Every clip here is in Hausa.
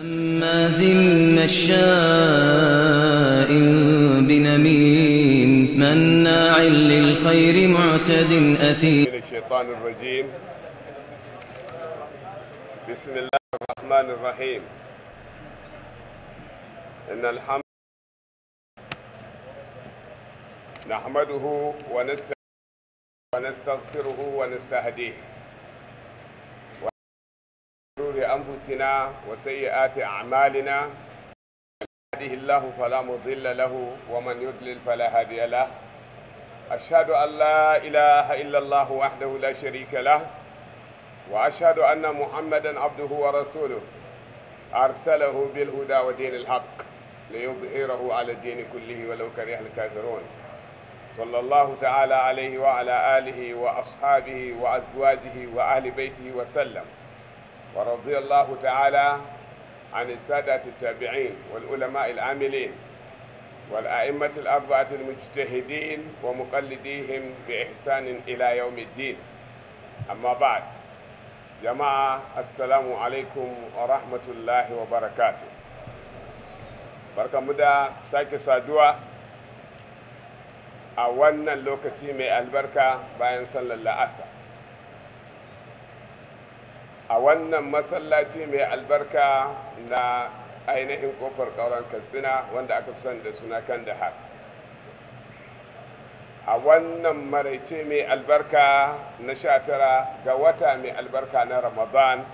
هماز مشاء بنميم مناع للخير معتد أثيم من الشيطان الرجيم بسم الله الرحمن الرحيم إن الحمد نحمده ونستغفره ونستهديه أنفسنا وسيئات أعمالنا يهده الله فلا مضل له ومن يضلل فلا هادي له أشهد أن لا إله إلا الله وحده لا شريك له وأشهد أن محمدا عبده ورسوله أرسله بالهدى ودين الحق ليظهره على الدين كله ولو كره الكافرون صلى الله تعالى عليه وعلى آله وأصحابه وأزواجه وأهل بيته وسلم ورضي الله تعالى عن السادة التابعين والعلماء العاملين والأئمة الأربعة المجتهدين ومقلديهم بإحسان إلى يوم الدين أما بعد جماعة السلام عليكم ورحمة الله وبركاته بركة مدى ساكي سادوة أولنا اللوكتي مي البركة باين صلى الله عليه وسلم a wannan masallaci mai albarka na ainihin kofar ƙauren katsina wanda aka fi son da suna kan da har a wannan maraice mai albarka na sha tara ga wata mai albarka na ramadan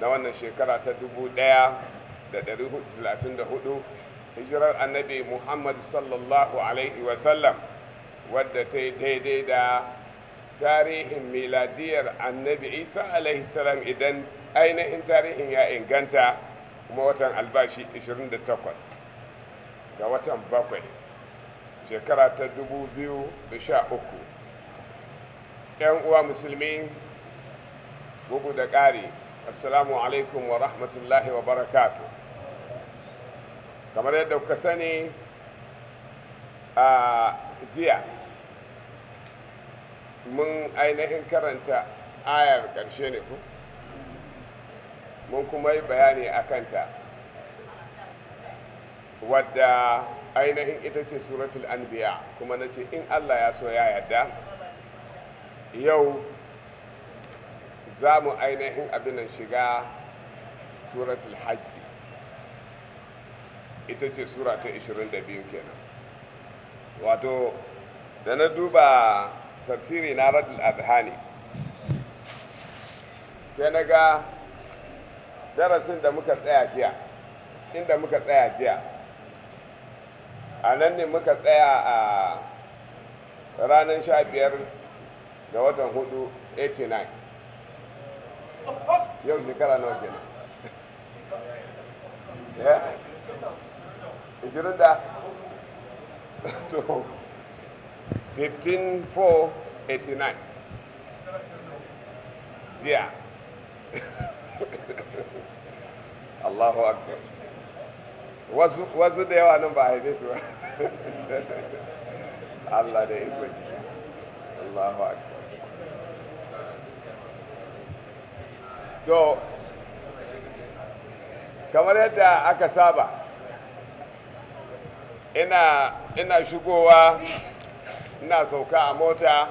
na wannan shekara ta dubu ɗaya da da hudu hijirar annabi muhammad sallallahu alaihi wasallam wadda ta yi daidai da tarihin miladiyar annabi isa alaihi salam idan ainihin tarihin ya inganta kuma watan albashi 28 ga watan bakwai shekara ta 2013 'yan uwa musulmi bugu da ƙari assalamu alaikum wa rahmatullahi wa barakatu kamar yadda kuka sani a jiya mun ainihin karanta ayar ƙarshe ne ku mun kuma yi bayani a kanta wadda ainihin ita ce suratul anbiya kuma na ce in allah ya so ya yadda. yau za mu ainihin abinan shiga suratul hajji ita ce sura ta 22 kenan wato da na duba tafsiri na radul adhani sai na ga darasin da muka tsaya jiya inda muka tsaya jiya a nan ne muka tsaya a ranar sha biyar ga watan hudu 89 yau shekara nawa kenan ya 20 eh? da to 15489. Yeah. Allahu Akbar. What's, what's the day number this one? Allah the English. Allahu Akbar. To, kamar yadda aka saba, ina, ina shigowa ina sauka a mota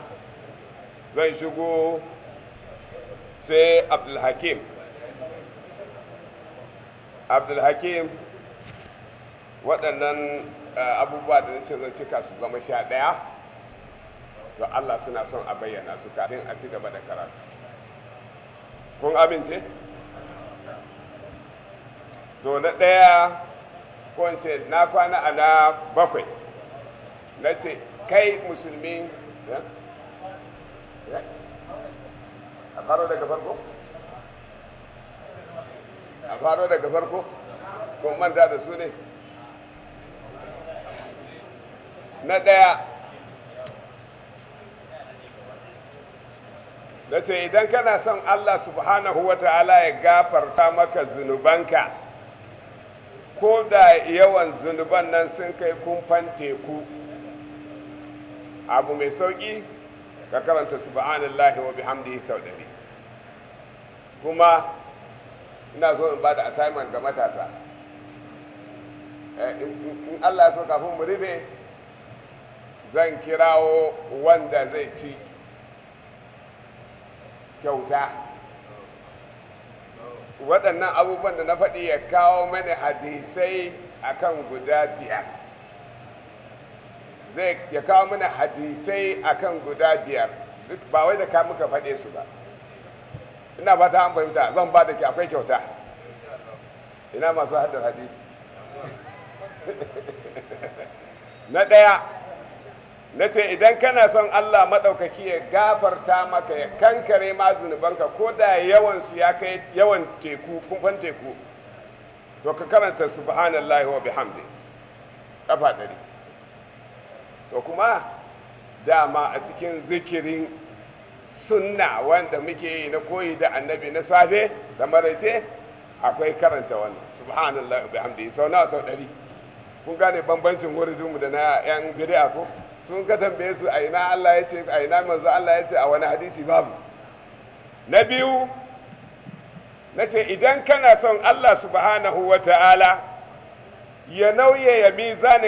zan shigo sai abdulhakim abdulhakim waɗannan eh, abubuwa da ce zan cika su zama sha ɗaya to allah suna son a bayyana su kafin a ci gaba da karatu kun amince to na ɗaya ko na kwana a na bakwai na ce kai musulmi a faro daga farko a faro daga farko ko manta da su ne na ɗaya da ce idan kana son allah subhanahu wa ta'ala ya gafarta maka zunubanka ko da yawan zunuban nan sun kai kumfan teku abu mai sauƙi ka karanta su subhanallahi wa bihamdihi sau ɗari kuma ina so in ba da assignment ga matasa eh, in allah so kafin mu ribe zan kirawo wanda zai ci kyauta waɗannan abubuwan da na faɗi ya kawo mani hadisai akan guda biyar zai ya kawo mana hadisai akan guda biyar ba wai da ka muka faɗe su ba ina fata an fahimta zan ba da ke akwai kyauta ina masu haddar hadisi na ɗaya na ce idan kana son allah maɗaukaki ya gafarta maka ya kankare ma zunubanka ko da yawan su ya kai yawan teku kumfan teku to ka karanta subhanallahi wa bihamdi kafa ɗari to kuma dama a cikin zikirin sunna wanda muke yi na koyi da annabi na safe da maraice akwai karanta wannan subhanallah hamdi sau nawa sau ɗari kun gane bambancin wuridunmu da na yan a ko sun ka tambaye su a ina Allah ya ce a ina manzo Allah ya ce a wani hadisi babu na biyu na ce idan kana son Allah subhanahu wa ta'ala ya nauye ya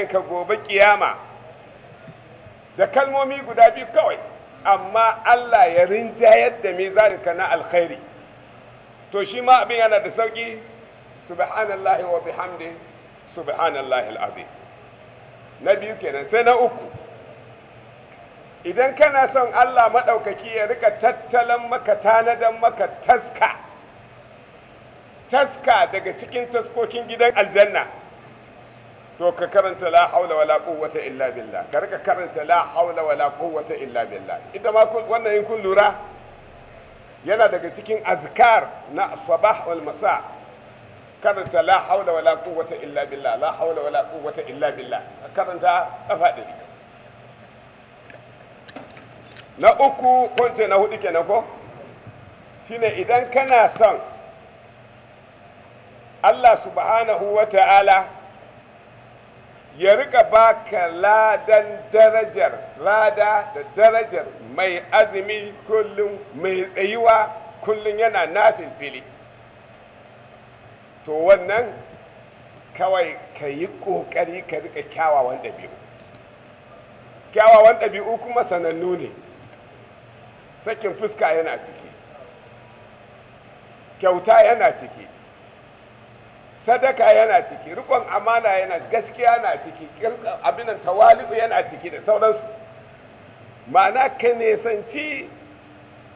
ka gobe kiyama da kalmomi guda biyu kawai amma Allah ya rinjayar da mizaninka na alkhairi to shi ma abin yana da sauki subhanallahi wa bihamdi subhanallahi al'adhi na biyu kenan sai na uku idan kana son Allah maɗaukaki ya rika tattalin maka tanadan maka taska taska daga cikin taskokin gidan aljanna to ka karanta la haula wala quwwata illa billah ka rika karanta la haula wala quwwata illa billah ita ma wannan in kun lura yana daga cikin azkar na sabah wal masa karanta la haula wala quwwata illa billah la haula wala quwwata illa billah karanta kafa ɗari na uku ce na hudu kenan ko shine idan kana son Allah subhanahu wa ta'ala ya rika baka ladan darajar lada da darajar mai azumi kullum mai tsayuwa kullum yana nafin fili to wannan kawai ka yi ƙoƙari ka rika kyawawan ɗabi'u kyawawan ɗabi'u kuma sanannu ne sakin fuska yana ciki kyauta yana ciki sadaka yana ciki rikon amana yana gaskiya na ciki abinan tawali'u yana ciki da sauransu ma'ana ka nesanci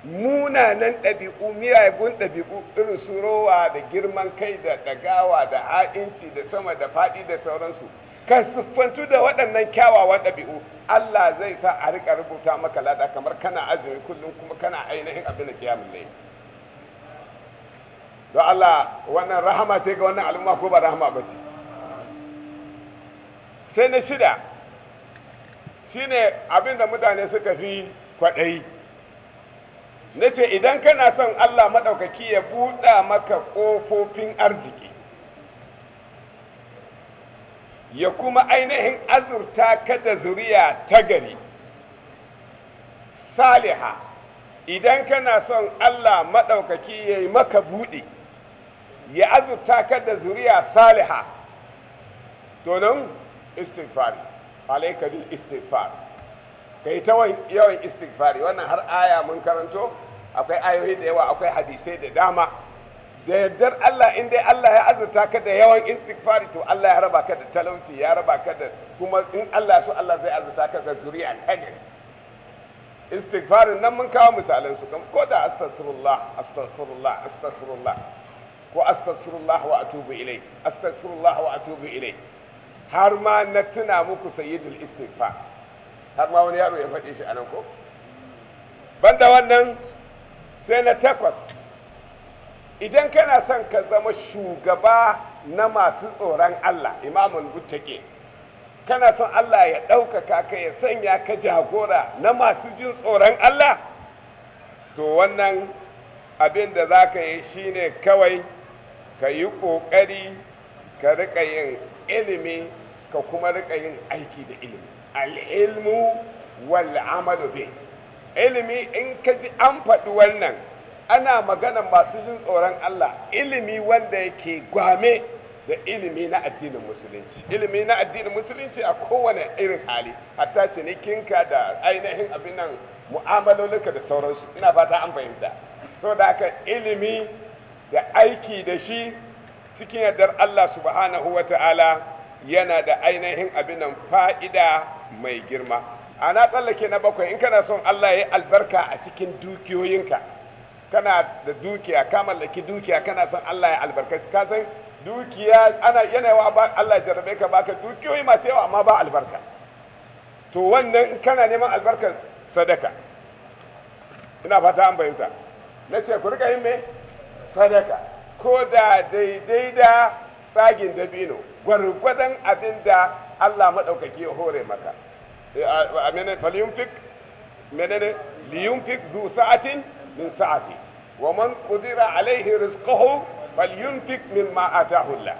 munanan ɗabi'u miyagun ɗabi'u irin surowa da girman kai da ɗagawa da ha'inci da sama da faɗi da sauransu ka siffantu da waɗannan kyawawan ɗabi'u Allah zai sa a rika rubuta maka lada kamar kana azumi kullum kuma kana ainihin abin da kiyamun laifi don Allah wannan rahama ce ga wannan al'umma ko ba rahama ba ce sai na shida shi ne abinda mutane suka fi kwaɗayi na ce idan kana son Allah maɗaukaki ya buɗa maka ƙofofin arziki ya kuma ainihin azurta kada zuriya ta gari saliha idan kana son Allah maɗaukaki ya yi maka buɗe ya azurta ka da zuriya saliha to nan istighfari alaika bil Ka yi ta yawan istighfari wannan har aya mun karanto akwai ayoyi da yawa akwai hadisai da dama da yardar Allah in dai Allah ya azurta ka da yawan istighfari to Allah ya raba ka da talauci ya raba ka da kuma in Allah so Allah zai azurta ka da zuriya ta gari istighfarin nan mun kawo misalan su kan ko da astaghfirullah astaghfirullah astaghfirullah ko astagfirullah wa atubu ilai astagfirullah wa atubu ilai har ma na tuna muku sayyidul istighfar har ma wani yaro ya faɗe shi anan ko banda wannan sai na takwas idan kana son ka zama shugaba na masu tsoron Allah imamul muttaqi kana son Allah ya ɗaukaka ka ya sanya ka jagora na masu jin tsoron Allah to wannan abin da za ka yi shine kawai ka yi ƙoƙari ka riƙa yin ilimi ka kuma riƙa yin aiki da ilimi al'ilmu wal amalu bi ilimi in ka ji an faɗi wannan ana magana masu jin tsoron Allah ilimi wanda yake gwame da ilimi na addinin musulunci ilimi na addinin musulunci a kowane irin hali hatta cinikinka da ainihin abin nan mu'amalolinka da sauransu ina fata an fahimta to da haka ilimi da aiki da shi cikin yardar Allah subhanahu wa ta'ala yana da ainihin abin fa'ida mai girma a na tsallake na bakwai in kana son Allah ya yi albarka a cikin dukiyoyinka kana da dukiya ka mallaki dukiya kana son Allah ya albarkaci ka san dukiya ana yanayawa Allah jarabe ka baka dukiyoyi masu yawa amma ba albarka to wannan kana neman albarkar sadaka ina fata an bayyanta na ce ku rika yin me sadaka ko da daidai da tsagin dabino gwargwadon abin da allah maɗaukaki ya hore maka eh, a amene falyunfik menene liyunfik zu sa'atin min sa'ati wa man kudira alaihi rizquhu falyunfik mimma atahu Allah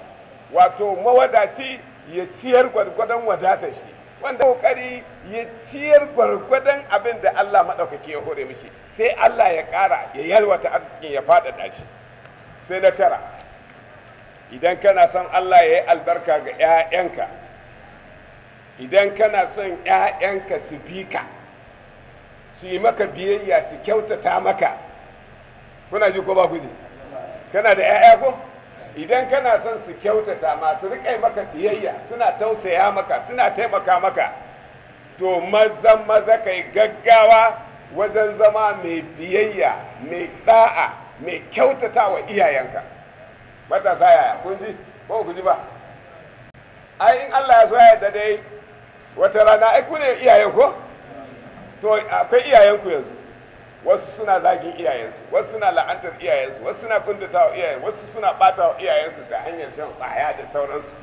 wato mawadaci ya ciyar gwargwadon wadata shi wanda kokari ya ciyar gwargwadon abin da Allah maɗaukaki ya hore mishi sai Allah ya ƙara ya yalwata arzikin ya faɗaɗa shi sai na tara idan kana son allah ya yi albarka ga 'ya'yanka idan kana son 'ya'yanka su bi ka su yi maka biyayya su kyautata maka kuna ji ko ba ku ji kana da 'ya'ya ko idan kana son su kyautata masu rikai maka biyayya suna tausaya maka suna taimaka maka to mazan maza kai gaggawa wajen zama mai biyayya mai ɗa'a mai kyautata wa iyayenka matasa yaya kun ji ko ku ji ba ai in Allah ya so ya yarda dai wata rana ai ku ne iyayen ko to akwai iyayenku yanzu wasu suna zagin iyayensu wasu suna la'antar iyayensu wasu suna kuntata wa iyayen wasu suna bata wa iyayensu ta hanyar shan kwaya da sauransu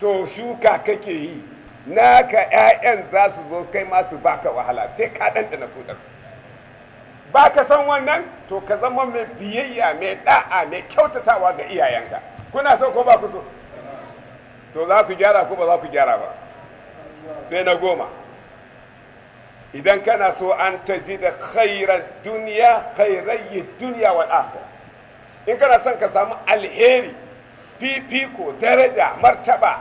to shuka kake yi naka 'ya'yan za su zo kai masu baka wahala sai ka ɗanɗana kudar ba ka san wannan to ka zama mai biyayya mai da'a mai kyautatawa ga iyayenka kuna so ko ba ku so to za ku gyara ko ba za ku gyara ba sai na goma idan kana so an ta ji da khairar duniya khairayi duniya wal in kana son ka samu alheri fifiko daraja martaba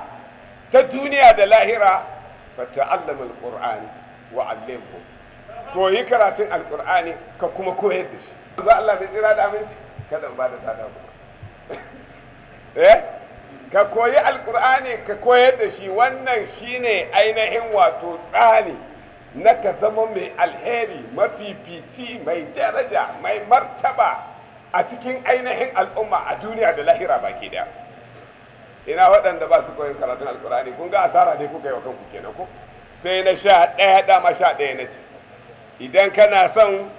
ta duniya da lahira fa ta'allama Alƙur'ani wa allimhu koyi karatun Alƙur'ani ka kuma koyar da shi za Allah bai tsira da aminci kada ba da sada eh ka koyi alkur'ani ka koyar da shi wannan shine ainihin wato tsari na ka zama mai alheri mafifici mai daraja mai martaba a cikin ainihin al'umma a duniya da lahira baki daya ina waɗanda ba su koyin karatun alkur'ani kun ga asara ne kuka yi wa kanku kenan ko sai na sha ɗaya dama sha ɗaya na ce idan kana son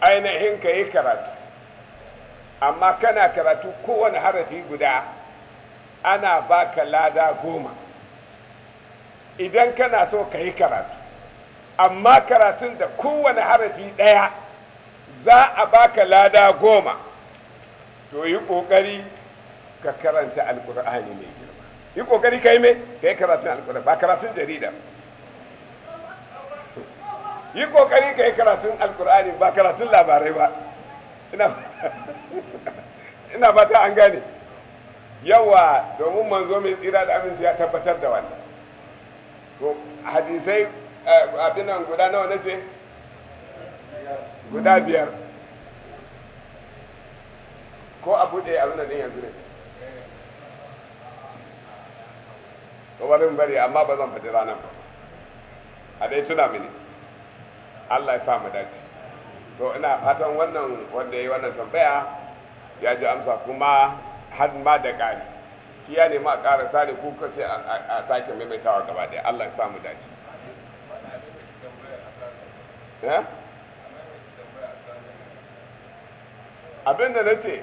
ainihin ka yi karatu amma kana karatu kowane harafi guda ana baka lada goma idan kana so ka yi karatu amma karatun da kowane harafi ɗaya za a baka lada goma to yi ƙoƙari ka karanta alƙur'ani mai girma yi ƙoƙari ka yi mai ka yi karatun alƙur'ani ba karatun jarida ba yi kokari ka yi karatun alkur'ani ba karatun labarai ba ina fata an gane yawa domin manzo mai tsira da aminci ya tabbatar da wannan to hadisai eh, abinan guda nawa na ce guda biyar ko a buɗe abin da yanzu ne to bari bari amma ba zan faɗi ranar ba a dai tuna mini allah ya sa mu dace to ina fatan wannan wanda ya yi wannan tambaya ya ji amsa kuma har ma da ƙari shi ya nemi a ƙara sani ko ce a sake maimaitawa gaba ɗaya allah ya sa mu dace eh? Abinda na ce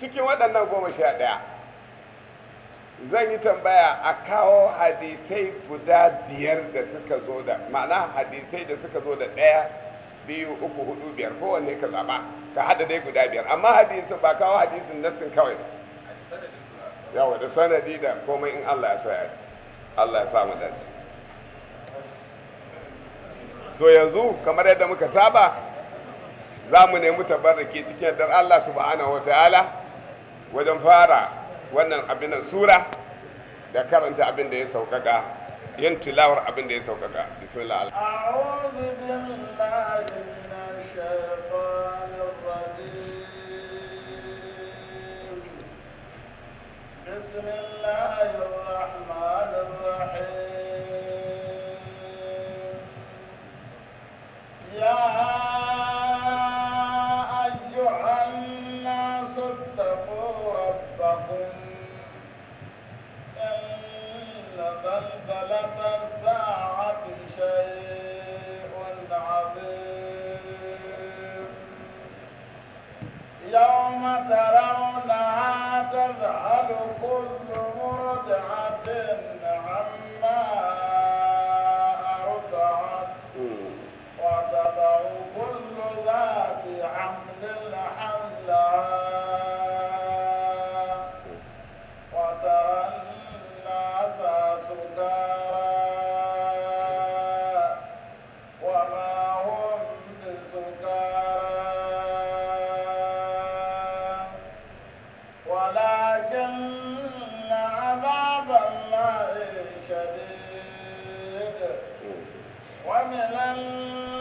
cikin waɗannan goma sha ɗaya zan yi tambaya a kawo hadisai guda biyar da suka zo da ma'ana hadisai da suka zo da ɗaya biyu uku hudu biyar kowanne ka zaba ka haɗa dai guda biyar amma hadisin ba kawo hadisin nassin kawai ba yawa da sanadi da komai in allah ya soya ya allah ya samu dace to yanzu kamar yadda muka saba za mu nemi da ke cikin yadda allah subhanahu wa ta'ala wajen fara wannan abin sura da karanta abin da ya saukaka yin tilawar abin da ya saukaka bismillah بسم الله الرحمن يوم ترونها تذهل كل مرضعة عما 外面冷。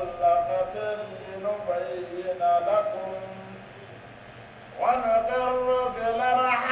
مطلقة لنبين لكم ونقر في الأرحام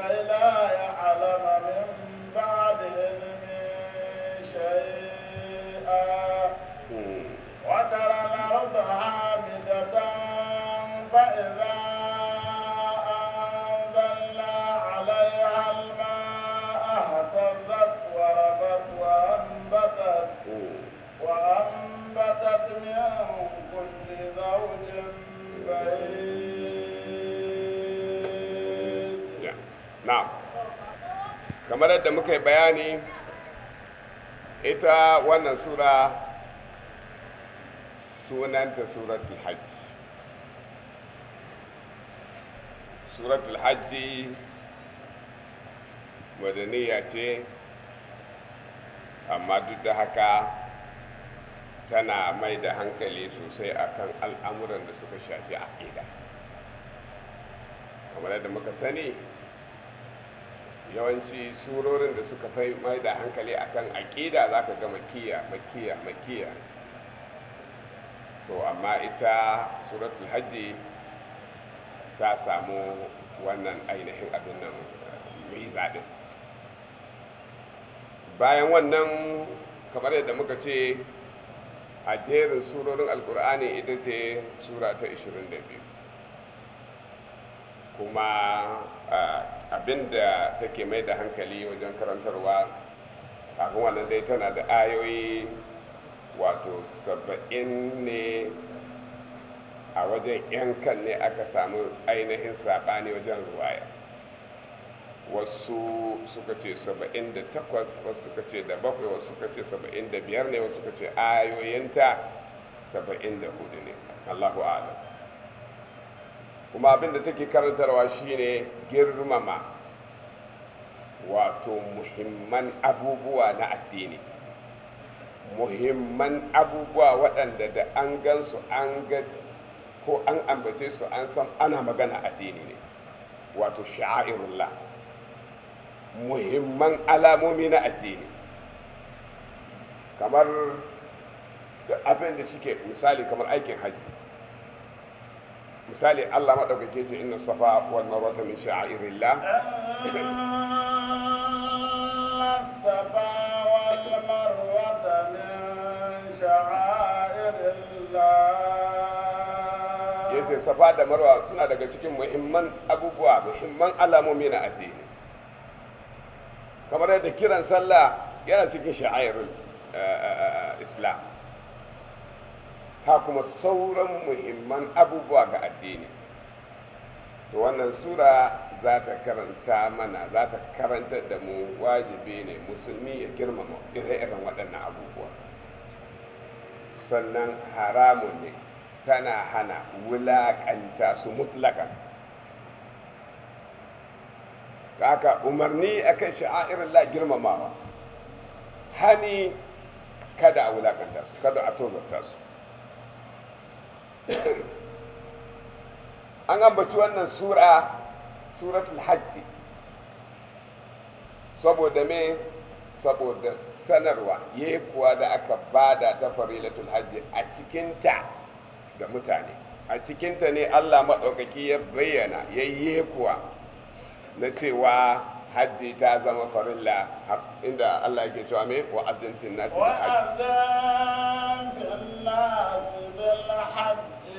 لا يعلم من بعد علم شيئا وترى الأرض عامدة فإذا أنزلنا عليها الماء اهتزت وربت وأنبتت وأنبتت من كل زوج بهيج kamar yadda muka yi bayani ita wannan sura sunanta suratul hajji suratul hajji madaniya ce amma duk da haka tana mai da hankali sosai akan al'amuran da suka shafi aƙida kamar yadda muka sani yawanci surorin da suka fai mai da hankali akan aƙida za ka ga makiya makiya makiya to amma ita suratul hajji ta samu wannan ainihin abin nan eh, mai zaɗin bayan wannan kamar yadda muka ce a jerin surorin alkur'ani ita ce sura ta 22 kuma eh, abinda take mai da hankali wajen karantarwa kafin wannan dai tana da ayoyi wato saba'in ne a wajen yankan ne aka samu ainihin saɓani wajen ruwaya wasu suka ce saba'in da takwas wasu suka ce da bakwai wasu suka ce saba'in da biyar ne wasu suka ce ayoyinta saba'in da hudu ne allahu alam kuma abin da take karantarwa shine girmama wato muhimman abubuwa na addini muhimman abubuwa waɗanda da an gansu an ga ko an ambace su an san ana magana addini ne wato sha'irullah muhimman alamomi na addini kamar abin da suke misali kamar aikin hajji misali Allah maɗaukake ce inna safa wal marwata min sha'irillah safa ya safa da marwa suna daga cikin muhimman abubuwa muhimman alamomi na addini kamar yadda kiran sallah yana cikin sha'airin eh, eh, eh, islam ha kuma sauran muhimman abubuwa ga addini to wannan sura za ta karanta mana za ta karanta da mu wajibi ne musulmi ya girmama ire-iren waɗannan abubuwa sannan haramun ne tana hana wulaƙanta su mutlaka haka umarni akan sha'irin la girmamawa hani kada a wulaƙanta su kada a tozarta su an ambaci wannan sura suratul hajji saboda me saboda sanarwa ya kuwa da aka bada ta farilatul hajji a cikinta ga mutane a cikinta ne allah maɗaukaki ya bayyana ya yi kuwa na cewa hajji ta zama farilla inda allah ke cewa me wa azintin nasi da hajji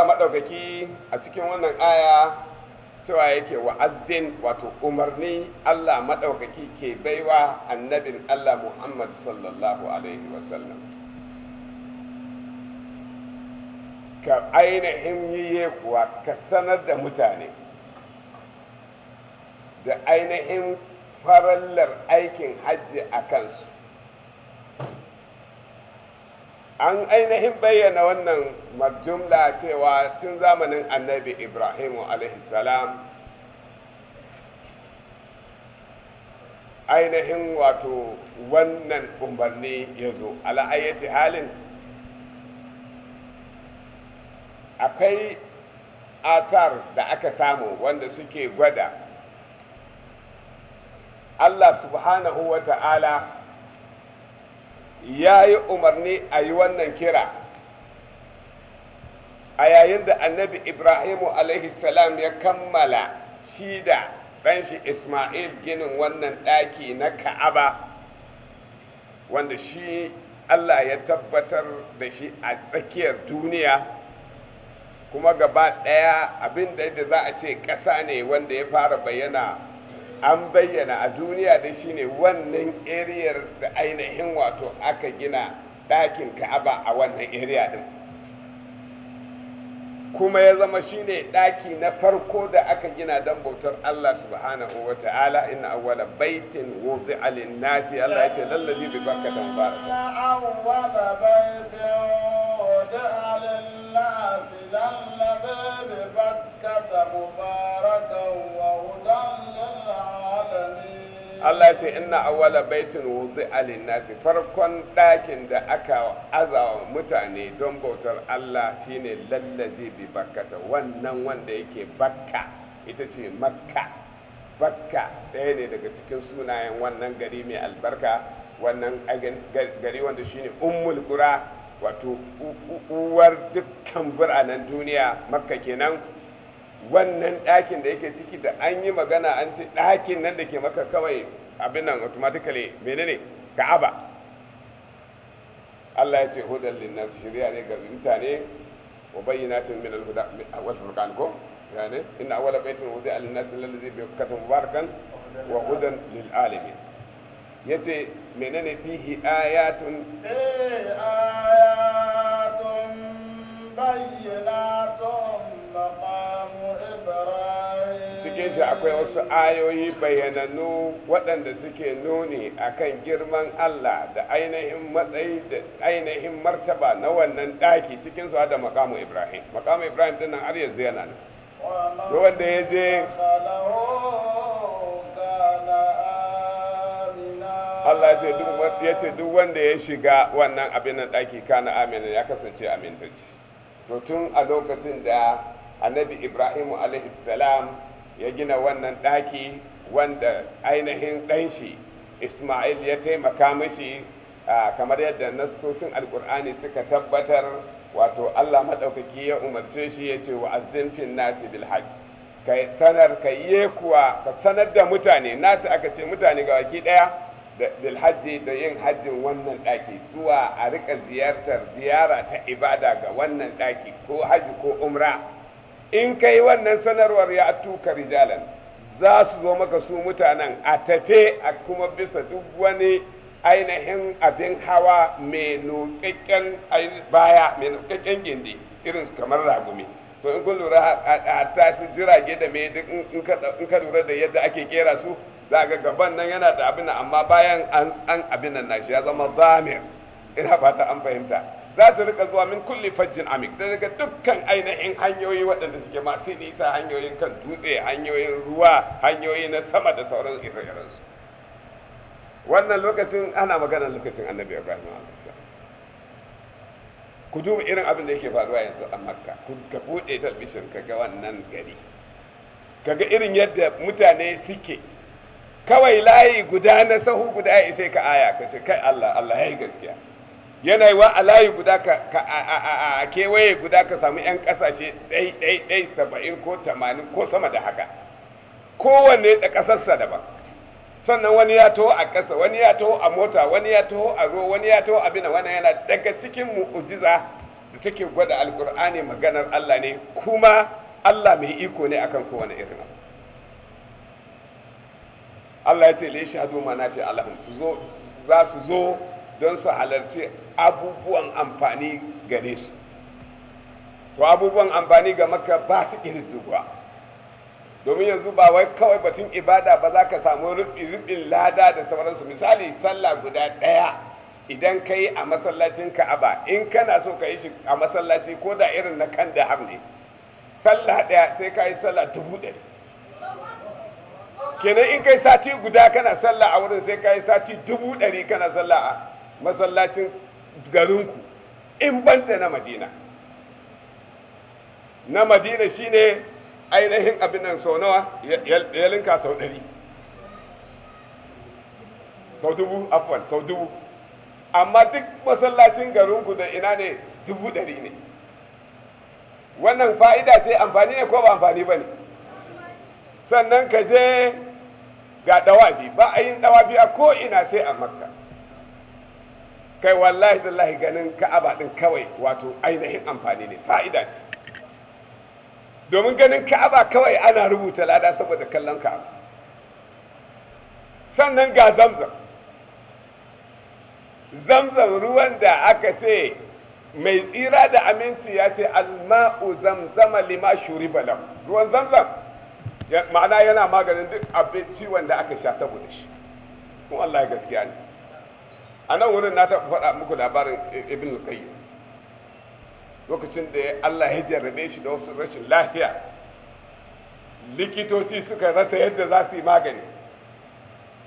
Allah maɗaukaki a cikin wannan aya cewa yake wa'azzin wato umarni Allah maɗaukaki ke baiwa annabin Allah Muhammad sallallahu Alaihi wasallam ka ainihin yiye kuwa ka sanar da mutane da ainihin farallar aikin hajji a kansu an ainihin bayyana wannan majumla cewa tun zamanin annabi ibrahim salam ainihin wato wannan umarni ya zo ala'ayyati halin akwai 'atar da aka samu wanda suke gwada allah subhanahu wa ta'ala ya yi umarni a yi wannan kira a yayin da annabi ibrahimu salam ya kammala shi da ɗanshi ismail ginin wannan ɗaki na ka'aba wanda shi allah ya tabbatar da shi a tsakiyar duniya kuma gaba ɗaya abin da za a ce ƙasa ne wanda ya fara bayyana an bayyana a duniya da shine wannan eriyar da ainihin wato aka gina ɗakin ka'aba a wannan eriya din kuma ya zama shine ɗaki na farko da aka gina don bautar Allah subhanahu wa ta'ala inna awwala baitin wuzi alin nasi Allah ya ce lallazi bi barkatan baraka Allah للذي Allah ce inna awwala baitin wuzi alinnasi farkon ɗakin da aka azawa mutane don bautar Allah shine lallazi bi bakkata wannan wanda yake bakka ita ce makka bakka ɗaya ne daga cikin sunayen wannan gari mai albarka wannan gari wanda shine ummul qura wato uwar dukkan biranen duniya makka kenan wannan ɗakin da yake ciki da an yi magana an ce ɗakin nan da ke maka kawai abin nan automatically menene ka'aba Allah ya ce hudan linnas shirya ne ga mutane wa bayyana tun min al-huda wal furqan ko yani inna awwala baytin wudi'a lin-nas alladhi bi barakatan wa hudan lil-alamin ya ce menene fihi ayatun eh, ayatun cikin shi akwai wasu ayoyi bayyananu waɗanda suke nuni akan girman Allah da ainihin matsayi da ainihin martaba na wannan ɗaki cikin su da makamu ibrahim makamu ibrahim dinnan har yanzu yana nan wanda ya je Allah ya ce duk wanda ya shiga wannan abin nan ɗaki kana amina ya kasance amintacce to tun a lokacin da annabi ibrahimu salam ya gina wannan ɗaki wanda ainihin ɗanshi ismail ya taimaka mashi kamar yadda nassoshin alkur'ani suka tabbatar wato allah maɗaukaki ya umarce shi ya ce wa azzimfin nasi bil ka sanar ka yekuwa ka sanar da mutane nasi aka ce mutane ga waki ɗaya bilhajji da yin hajjin wannan ɗaki zuwa a rika ziyartar ziyara ta ibada ga wannan ɗaki ko haji ko umra in ka yi wannan sanarwar ya tuka rijalan za su zo maka su mutanen a tafe a kuma bisa duk wani ainihin abin hawa mai nukakken baya mai nukakken gindi irin kamar ragumi to in kun lura jirage da mai in ka lura da yadda ake kera su za ga gaban nan yana da abin amma bayan an abin nan nashi ya zama zamir ina fata an fahimta za su rika zuwa min kulli fajjin amik da daga dukkan ainihin hanyoyi waɗanda suke masu nisa hanyoyin kan dutse hanyoyin ruwa hanyoyi na sama da sauran ire su wannan lokacin ana magana lokacin annabi ibrahim alaihi ku duba irin abin da yake faruwa yanzu a makka ka bude talbishin ka ga wannan gari ka ga irin yadda mutane suke kawai layi guda na sahu guda ya isai ka aya ka ce kai Allah Allah ya yi gaskiya yana wa a layi guda ka a kewaye guda ka samu 'yan kasashe ɗai ɗai ɗai saba'in ko tamanin ko sama da haka kowanne da ƙasarsa daban sannan wani ya taho a ƙasa wani ya taho a mota wani ya taho a ruwa wani ya taho a bina wani yana daga cikin mu'ujiza da take gwada alkur'ani maganar allah ne kuma allah mai iko ne akan kowane irin Allah ya ce la yashhadu manafi alahum su zo za su zo don su halarci abubuwan amfani gare su to abubuwan amfani ga makka ba su ƙididdigwa domin yanzu ba wai kawai batun ibada ba za ka samu rubin lada da sauransu misali sallah guda ɗaya idan ka yi a masallacin ka'aba in kana so ka yi shi a masallaci ko da irin na kan da ne sallah ɗaya sai ka yi sallah dubu ɗari kenan in kai sati guda kana sallah a wurin sai kai sati dubu ɗari kana sallah a masallacin garinku in banta na madina na madina shine ainihin abin nan sau nawa ya linka sau ɗari sau dubu afwan sau dubu amma duk masallacin garinku da ina ne dubu ɗari ne wannan fa'ida ce amfani ne ko ba amfani ba ne sannan ka je ga dawafi ba a yin dawafi a ina sai a makka kai wallahi tallahi ganin ka'aba din kawai wato ainihin amfani ne fa'ida ce domin ganin ka'aba kawai ana rubuta lada saboda kallon ka'aba sannan ga zamzam zamzam ruwan da aka ce mai tsira da aminci ya ce alma'u zamzama lima shuri balam ruwan zamzam ma'ana yana maganin duk abin ciwon da aka sha saboda shi kuma Allah ya gaskiya ne a nan wurin na taɓa faɗa muku labarin ibn qayyim lokacin da Allah ya jarrabe shi da wasu rashin lafiya likitoci suka rasa yadda za su yi magani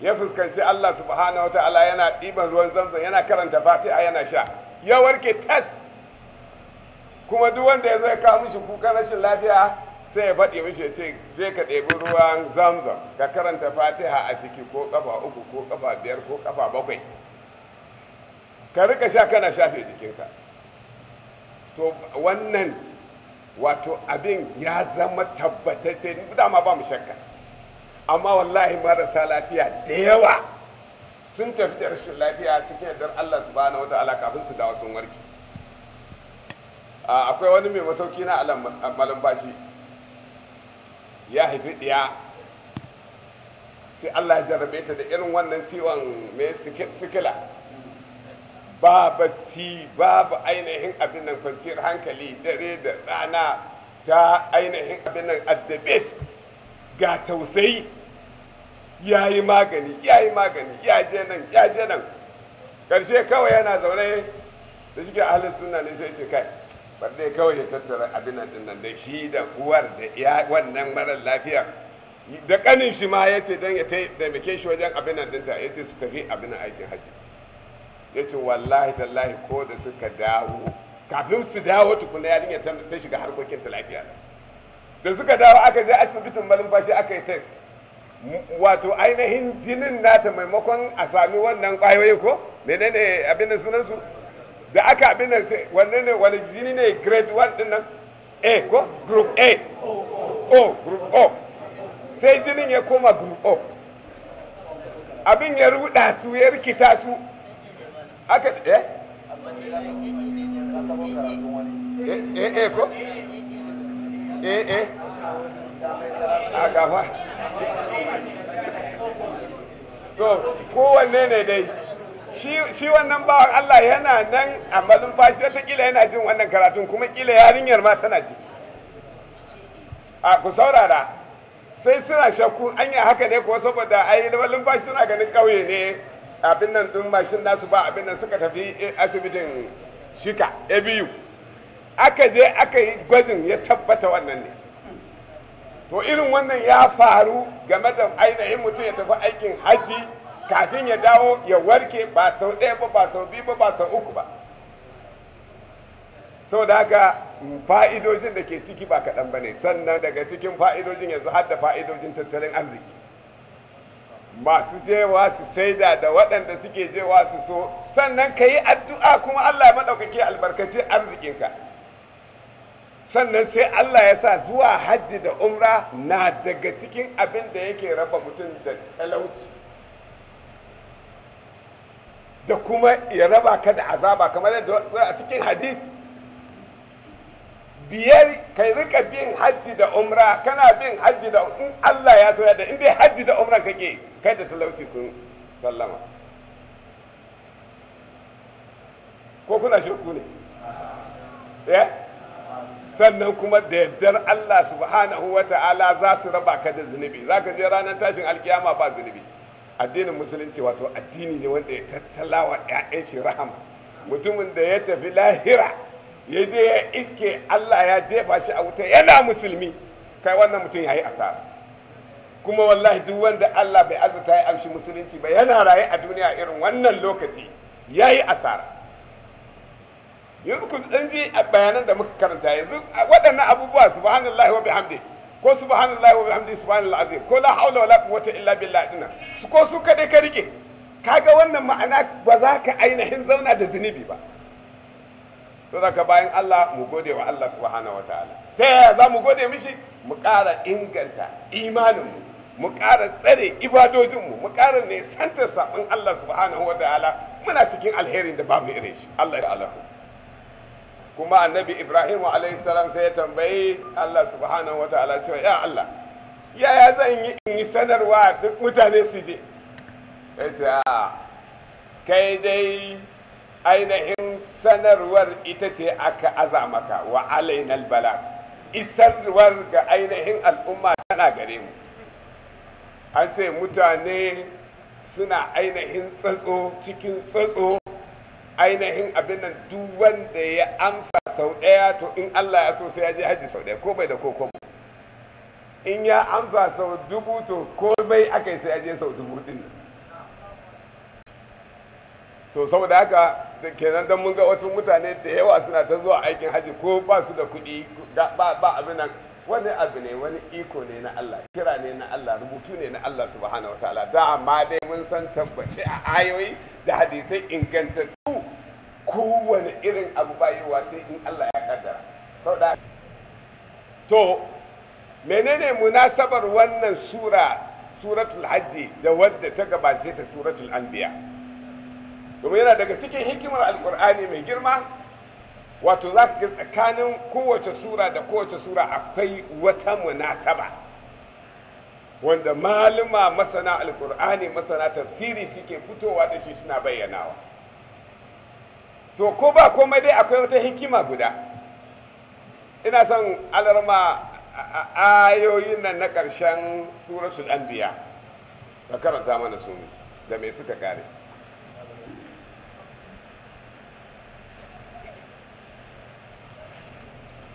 ya fuskanci Allah subhanahu ta'ala yana ɗiban ruwan zamzam yana karanta fatiha yana sha ya warke tas kuma duk wanda ya zai ya kawo mishi kukan rashin lafiya sai ya faɗi mishi ce je ka ɗebi ruwan zamzam ka karanta fatiha a ciki ko ƙafa uku ko ƙafa biyar ko ƙafa bakwai ka rika sha kana shafe jikinka to wannan wato abin ya zama tabbatacce dama ba mu shakka amma wallahi marasa lafiya da yawa sun tafi da rashin lafiya cikin yadda allah subhanahu wata ta'ala kafin su dawo sun warke akwai wani mai masauki na malambashi ya haifi ɗiya sai allah ya jarrabe ta da irin wannan ciwon mai sikila ba bacci babu ainihin abin nan kwanciyar hankali dare da rana ta ainihin abin nan addabes ga tausayi ya yi magani ya yi magani ya je nan ya je nan ƙarshe kawai yana zaune da shi ke ahalin suna ne sai ce kai bar dai kawai ya tattara abin nan da shi da uwar da ya wannan marar lafiya da kanin shi ma ya ce don ya taimake shi wajen abin nan dinta ya ce su tafi abin aikin haji ya ce wallahi tallahi ko da suka dawo kafin su dawo tukuna dinga ta shiga harkokin ta lafiya da suka dawo aka je asibitin malumfashi aka yi test wato ainihin jinin nata maimakon a sami wannan kwayoyi ko menene abin da sunansu da aka abin nan sai wanne ne wani jini ne grade 1 din nan a ko group a o group o sai jinin ya koma group o abin ya ruda su ya rikita su aka eh eh eh ko eh eh aka gafa to kowanne ne dai shi wannan bawan Allah yana nan a malumfashi kila yana jin wannan karatun kuma kila yarinyar ma tana ji a ku saurara sai suna shakku an yi haka ne kuwa saboda ai malumfashi suna ganin ƙauye ne abin nan ɗin mashin nasu ba abin nan suka tafi eh, asibitin shika abu aka je aka yi gwajin ya tabbata wannan ne to irin wannan ya faru game da ainihin mutum ya tafi aikin haji kafin ya dawo ya warke ba sau ɗaya ba ba sau biyu ba ba sau uku ba da haka mm, fa'idojin da ke ciki ba kaɗan ba ne sannan daga cikin fa'idojin yanzu har da fa'idojin tattalin arziki masu jewa su saida da waɗanda suke jewa su so sannan ka yi addu'a kuma allah ya maɗaukaki albarkaci arzikinka sannan sai allah ya sa zuwa hajji da umra na daga cikin abin da yake raba mutum da talauci da kuma ya raba ka da azaba kamar yadda a cikin hadisi biyar kai rika bin hajji da umra kana bin hajji da in Allah ya sauya da inda hajji da umra kake kai da talauci kun sallama ko kuna ne ya sannan kuma da yardar Allah subhanahu wa ta'ala za su raba ka da zunubi za ka je ranar tashin alkiyama ba zunubi addinin musulunci wato addini ne wanda ya tattalawa 'ya'yan shi rahama mutumin da ya tafi lahira ya je ya iske allah ya jefa shi a wuta yana musulmi kai wannan mutum ya yi asara kuma wallahi duk wanda allah bai azurta ya amshi musulunci ba yana raye a duniya irin wannan lokaci ya yi asara yanzu ku dan ji a bayanan da muka karanta yanzu waɗannan abubuwa subhanallahi wa bihamdihi ko subhanallahi wa bihamdihi subhanal azim ko la haula wala quwwata illa billah dinnan su ko su kadai ka rike kaga wannan ma'ana ba za ka ainihin zauna da zunubi ba to daga bayan Allah mu gode wa Allah subhanahu wataala ta yaya za mu gode mishi mu ƙara inganta imaninmu mu ƙara tsare ibadojinmu mu ƙara nisantar saɓin Allah subhanahu wataala muna cikin alherin da babu irin shi Allah ya alahu kuma annabi ibrahim alaihissalam sai ya tambayi allah subhanahu wa ta'ala cewa ya allah yaya zan yi in yi sanarwa duk mutane su je ya ce a kai dai ainihin sanarwar ita ce aka aza maka wa alainal bala isarwar ga ainihin al'umma tana gare mu an ce mutane suna ainihin tsatso cikin tsatso ainihin abin nan duk wanda ya amsa sau ɗaya to in Allah ya so sai ya je hajji sau ɗaya ko bai da ko in ya amsa sau dubu to ko bai aka yi sai ya je sau dubu ɗin to saboda haka da kenan don mun ga wasu mutane da yawa suna ta zuwa aikin hajji ko ba su da kuɗi ba abin nan wani abu ne wani iko ne na Allah kira ne na Allah rubutu ne na Allah subhanahu wataala da amma dai mun san tabbaci a ayoyi da hadisai ingantattu kowane irin abu bayewa sai in Allah ya kaddara to menene munasabar wannan sura suratul hajji da wadda ta gabashe ta suratul anbiya domin yana daga cikin hikimar alkur'ani mai girma wato za ka ga tsakanin kowace sura da kowace sura akwai wata munasaba wanda malama masana alkur'ani masana tafsiri suke fitowa da shi suna bayyanawa to ko ba komai dai akwai wata hikima guda ina son alarma ayoyin nan na ƙarshen suratul anbiya ka karanta mana su da me suka kare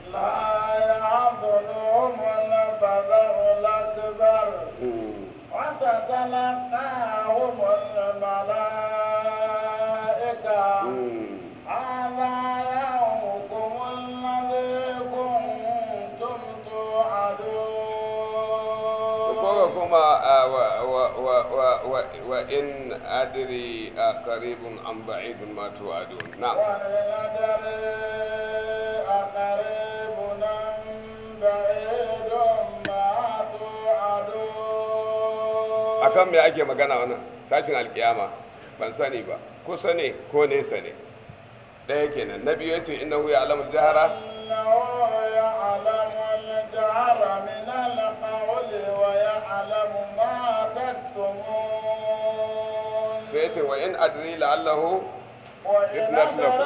لا يعظلهم البذر الأكبر وتتلقاهم الملائكة waɗannan adari a karibin an ba a a do a kan me ake magana wani tashin alkiyama ban sani ba kusa ne ko nesa ne ɗaya kenan na biyu ya ce in na huyɗu alamal بيت وإن أدري لعله فتنة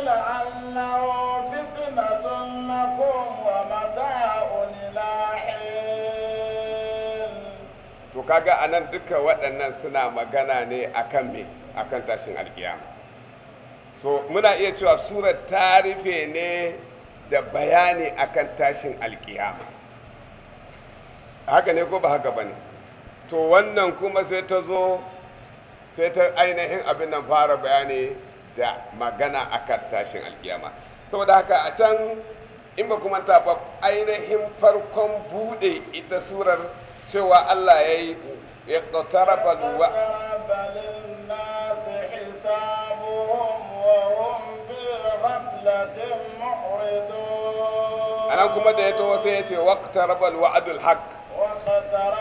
لكم To kaga a nan duka waɗannan suna magana ne akan me akan tashin alkiyama. So muna iya cewa surar ta rufe ne da bayani akan tashin alkiyama. Haka ne ko ba haka bane To wannan kuma sai ta zo sai ta ainihin abin nan fara bayani da magana a kan tashin alkiyama saboda haka a can in ba kuma ta ba ainihin farkon bude ita surar cewa Allah ya yi ya ƙautara baluwa a nan kuma da ya taho sai ya ce waƙtar adul haq waƙtar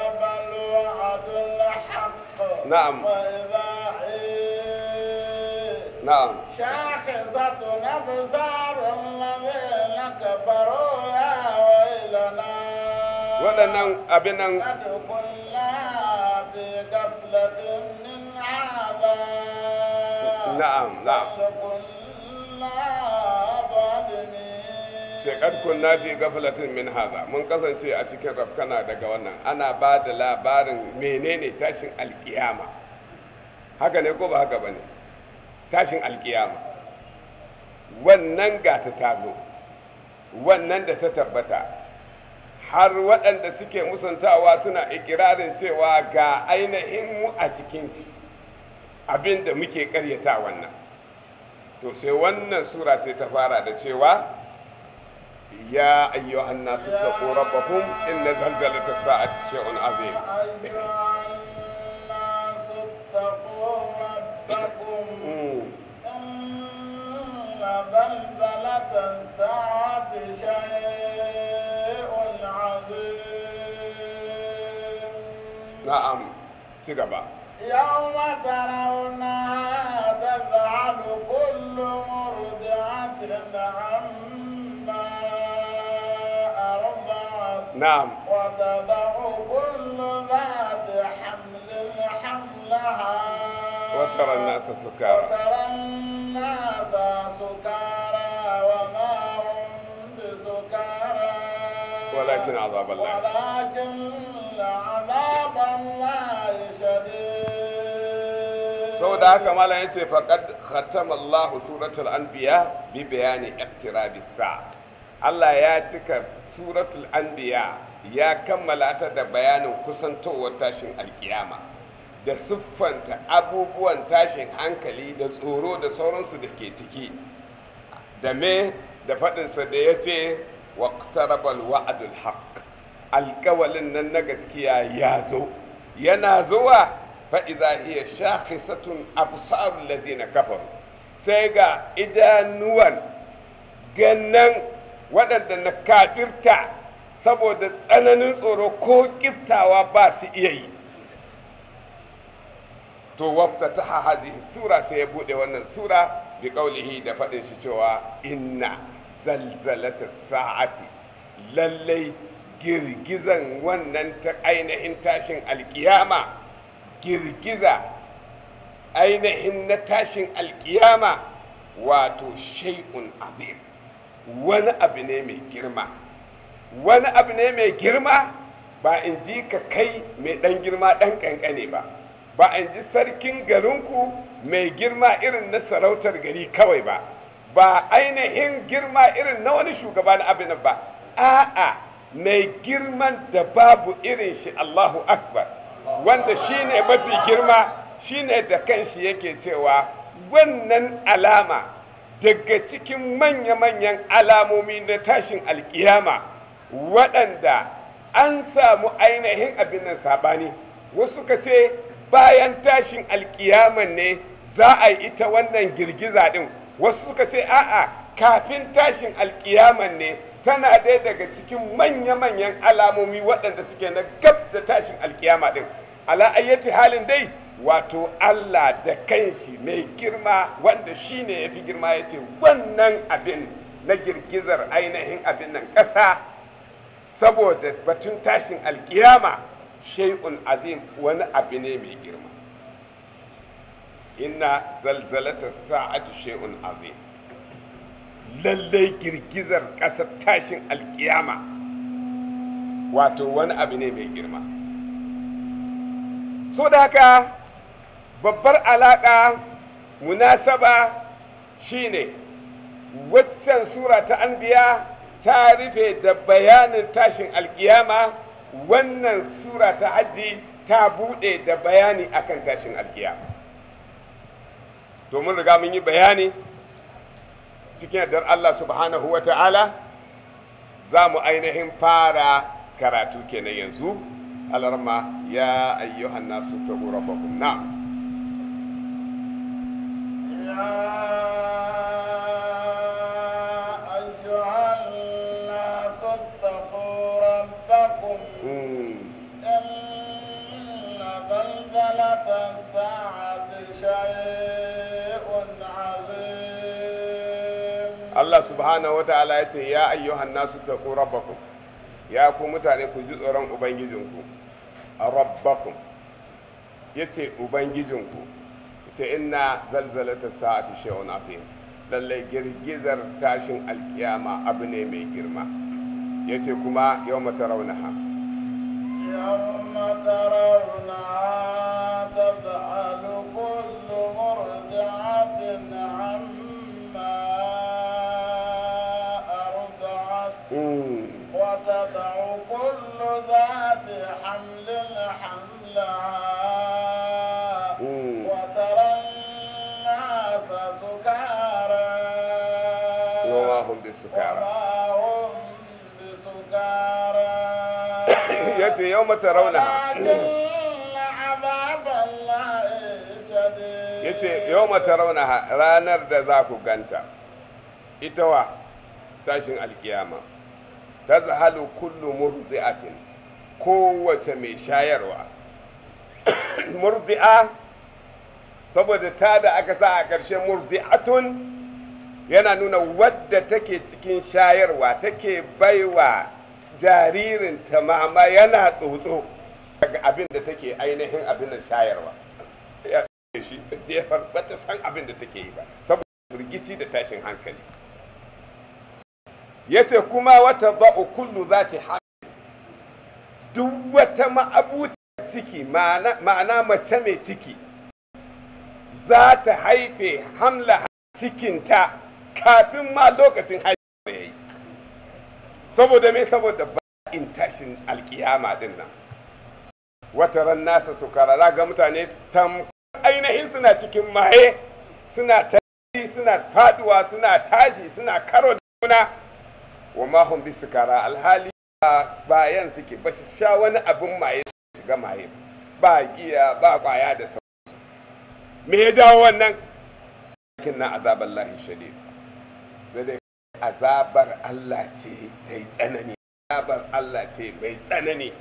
adul نعم وإذا نعم شاخصة أبصار الذين كفروا يا ويلنا waɗannan abinan na'am na'am ce ƙarkun na fi gafalatin min haza mun kasance a cikin rafkana daga wannan ana ba da labarin menene tashin alkiyama haka ne ko ba haka ba ne tashin alkiyama wannan ga ta tazo wannan da ta tabbata har waɗanda suke musantawa suna ikirarin cewa ga ainihin mu a cikin abin da muke ƙaryata wannan to sai wannan sura sai ta fara da cewa يا أيها الناس اتقوا ربكم إن زلزلة الساعة شيء عظيم زلزلة الساعة شيء عظيم نعم تقبع يوم ترونها تذعن كل مرضعة عما نعم وتضع كل ذات حمل حملها وترى الناس سكارى وترى الناس سكارى وما هم بسكارى ولكن عذاب الله ولكن عذاب الله شديد saboda haka لا yace faqad khatama Allah suratul anbiya bi bayani iqtirabis Allah ya cika suratul anbiya ya kammala ta da bayanin kusantowar tashin alkiyama da siffanta abubuwan tashin hankali da tsoro da sauransu da ke ciki da me da faɗinsa da ya ce waqtarabal wa'adul haqq alƙawalin nan na gaskiya ya zo yana zuwa fa'iza hiya shakhisatun absarul ladina kafaru sai ga idanuwan gannan waɗanda na kafirta saboda tsananin tsoro ko kiftawa ba su iya yi to wafta ta hazi sura sai ya buɗe wannan sura bi ƙaulihi da faɗin shi cewa inna zalzalata sa'ati lallai girgizan wannan ta ainihin tashin alkiyama girgiza ainihin na tashin alkiyama wato shay'un abin wani abu ne mai girma wani abu ne mai girma ba in ji ka kai mai ɗan girma ɗan ƙanƙane ba ba in ji sarkin garinku mai girma irin na sarautar gari kawai ba ba ainihin girma irin na wani shugaba na abin ba a'a mai girman da babu irin shi allahu akbar wanda shine mafi girma shine da kanshi yake cewa wannan alama daga cikin manya-manyan alamomi na tashin alkiyama waɗanda an samu ainihin abin nan sabani wasu ka ce bayan tashin alkiyaman ne za a yi ita wannan girgiza ɗin wasu suka ce a'a kafin tashin alkiyaman ne tana ɗaya daga cikin manya-manyan alamomi waɗanda suke na gab da tashin alkiyama ɗin ala halin dai wato Allah da kanshi mai girma wanda shi ne ya fi girma ya ce wannan abin na girgizar ainihin abin nan ƙasa saboda batun tashin alkiyama shay'un azim wani abu ne mai girma ina zalzalata sa'atu shay'un azim lallai girgizar ƙasar tashin alkiyama wato wani abu ne mai girma so da haka babbar alaƙa munasaba shine waccan sura ta anbiya ta rufe da bayanin tashin alkiyama wannan sura ta hajji ta buɗe da bayani akan tashin alkiyama domin riga mun yi bayani cikin yardar Allah subhanahu wa ta'ala za mu ainihin fara karatu kenan yanzu alarma ya ayyuhan nasu ta rabbakum na'am Allah subhanahu wa ta'ala ya ce ya ayyuhan nasu taqu rabbakum ya ku mutane ku ji tsoron ubangijinku a rabbakum ya ce ubangijinku ce inna zalzalata sa'ati shay'un azim lallai girgizar tashin alkiyama abu ne mai girma yace kuma yawma tarawnaha yawma tarawnaha tad'alu kullu murdi'atin amma ardat hmm. wa tad'u kullu dhati hamlin hamlaha يوم ترونها yace yawma tarawnaha ranar da za ku ganta ita wa tashin alkiyama zahalu kullu murdi'atin kowace mai shayarwa murdi'a saboda ta da aka sa a ƙarshen murdi'atun yana nuna wadda take cikin shayarwa take baiwa jaririn ta mama yana tsotso daga abin da take ainihin abin da shayarwa ya tsaye shi jefar bata san abin da take yi ba saboda firgici da tashin hankali ya ce kuma wata ba'u kullu za ta haɗe duk wata ma'abuci ciki ma'ana mace mai ciki za ta haife hamla cikinta kafin ma lokacin haife saboda me saboda ba'in tashin alkiyama din nan wataran nasa su za ga mutane tam ainihin suna cikin maye suna tashi suna faduwa suna tashi suna karo da juna wa mahun bi sukara alhali bayan suke ba su sha wani abin maye su shiga maye ba giya ba kwaya da sauransu me ya jawo wannan lakin na azaballahi shadid sai dai azabar Allah ce ta yi tsanani azabar Allah ce mai tsanani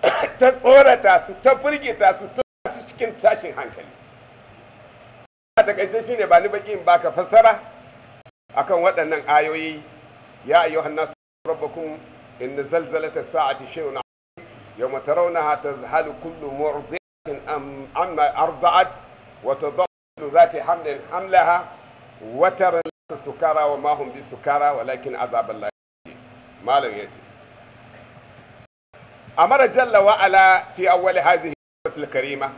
ta tsorata su ta firgita su ta su cikin tashin hankali a takaice shine ba ni baki in baka fassara akan waɗannan ayoyi ya ayyuhan nasu rabbakum inna zalzalata sa'ati shay'un يوم ترونها تذهل كل مرضعة عما أرضعت وتضع ذات حمل حملها وترى sukara wa mahum bi sukara walakin azaballahi malam ya ce mara jalla wa ala fi awwali hazihi karima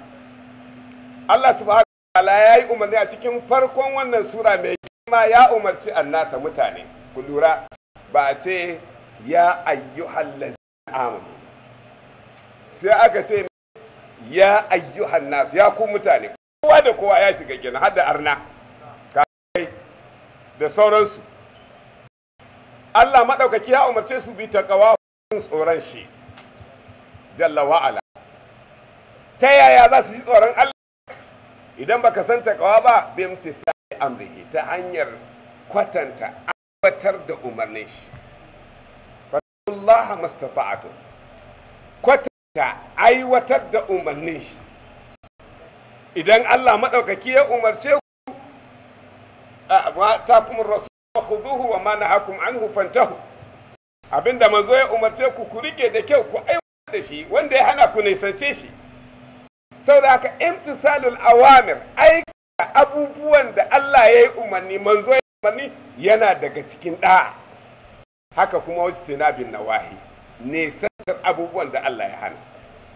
Allah subhanahu wa ta'ala yayi umarni a cikin farkon wannan sura mai girma ya umarci annasa mutane ku lura ba a ce ya ayyuhal ladzina amanu sai aka ce ya ayyuhan nas ya ku mutane kowa da kowa ya shiga gina har da arna kai da sauransu Allah maɗaukaki ya umarce su bi takawa tsoron shi jalla wa'ala ta yaya za su ji tsoron Allah idan baka san takawa ba bimti sai amrihi ta hanyar kwatanta aiwatar da umarnin shi Allah mastata'atu kwatanta aiwatar da umarnin shi idan Allah maɗaukaki ya umarce واتاكم الرسول فخذوه وما نهاكم عنه فانتهوا abinda manzo ya umarce ku ku rike da kyau ku aiwatar da shi wanda ya hana ku nisance shi saboda haka imtisalul awamir aika abubuwan da Allah ya yi umarni manzo ya umarni yana daga cikin ɗa'a haka kuma wasu tunabin nawahi nesantar abubuwan da Allah ya hana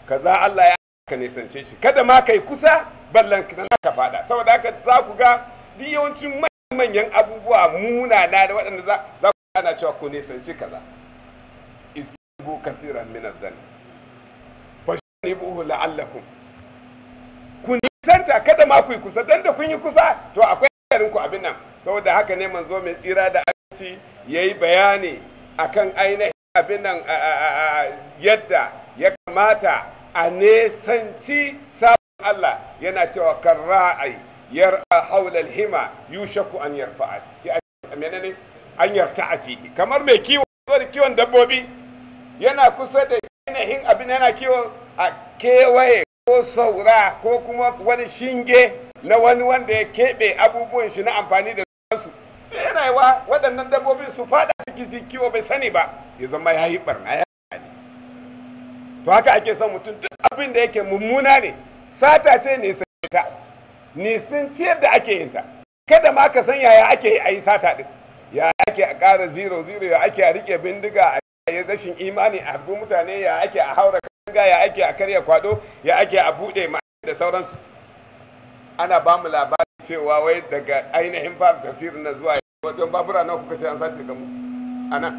kaza Allah ya ka nesance shi kada ma kai kusa ballan ka fada saboda haka za ku ga duk yawancin manyan abubuwa munana da waɗanda za ku ana cewa ku nisanci kaza izbu kafiran min ne buhu la'allakum ku nisanta kada ma ku yi kusa dan da kun yi kusa to akwai garin ku abin nan saboda haka ne manzo mai tsira da ya yayi bayani akan ainihin abin nan yadda ya kamata a nesanci sabon Allah yana cewa kan ra'ayi yar'a haula alhima yushaku an yarfa'a menene an yarta'a fihi kamar mai kiwo da kiwon dabbobi yana kusa da yanayin abin yana kiwo a kewaye ko saura ko kuma wani shinge na wani wanda ya keɓe abubuwan shi na amfani da su sai yana yi wa waɗannan dabbobin su fada ciki su kiwo bai sani ba ya zama ya yi barna ya to haka ake son mutum duk abin da yake mummuna ne sata ce ne sai ta sun ci yadda ake yin ta kada ma ka san yaya ake yi a yi sata din ya ake a ƙara zero zero ya ake a rike bindiga a yi rashin imani a harbi mutane ya ake a haura kanga ya ake a karya kwado ya ake a buɗe ma da sauransu ana ba mu labarin cewa wai daga ainihin fara tafsirin na zuwa wajen babura na kuka ce an sace ga mu ana